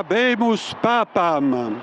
Habemus Papam.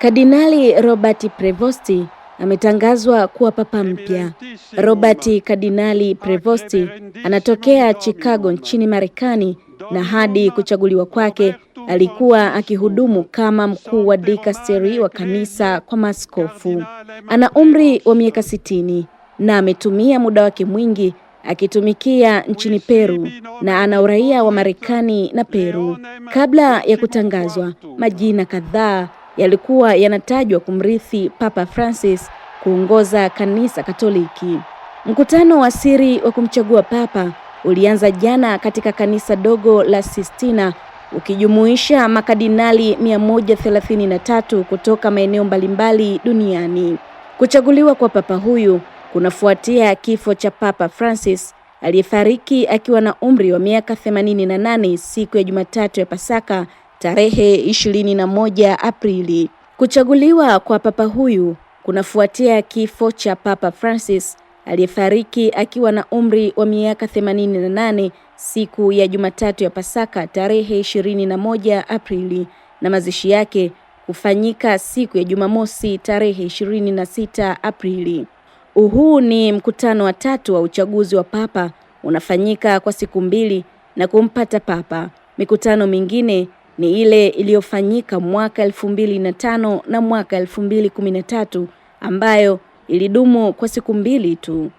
Kardinali Robert Prevosti ametangazwa kuwa papa mpya. Robert Kardinali Prevosti anatokea Chicago nchini Marekani na hadi kuchaguliwa kwake alikuwa akihudumu kama mkuu wa dikasteri wa kanisa kwa maaskofu. Ana umri wa miaka sitini na ametumia muda wake mwingi akitumikia nchini Peru na ana uraia wa Marekani na Peru. Kabla ya kutangazwa, majina kadhaa yalikuwa yanatajwa kumrithi Papa Francis kuongoza kanisa Katoliki. Mkutano wa siri wa kumchagua Papa ulianza jana katika kanisa dogo la Sistina ukijumuisha makadinali 133 kutoka maeneo mbalimbali duniani. Kuchaguliwa kwa Papa huyu kunafuatia kifo cha Papa Francis aliyefariki akiwa na umri wa miaka 88 siku ya Jumatatu ya Pasaka tarehe 21 Aprili. Kuchaguliwa kwa papa huyu kunafuatia kifo cha Papa Francis aliyefariki akiwa na umri wa miaka 88 siku ya Jumatatu ya Pasaka tarehe 21 Aprili na mazishi yake kufanyika siku ya Jumamosi tarehe 26 Aprili. Huu ni mkutano wa tatu wa uchaguzi wa papa unafanyika kwa siku mbili na kumpata papa. Mikutano mingine ni ile iliyofanyika mwaka elfu mbili na tano na mwaka elfu mbili kumi na tatu ambayo ilidumu kwa siku mbili tu.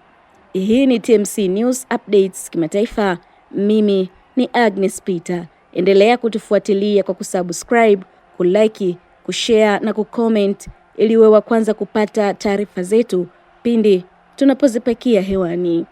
Hii ni TMC News Updates kimataifa. Mimi ni Agnes Peter. Endelea kutufuatilia kwa kusubscribe, kulike, kushare na kucomment ili uwe wa kwanza kupata taarifa zetu pindi tunapozipakia hewani.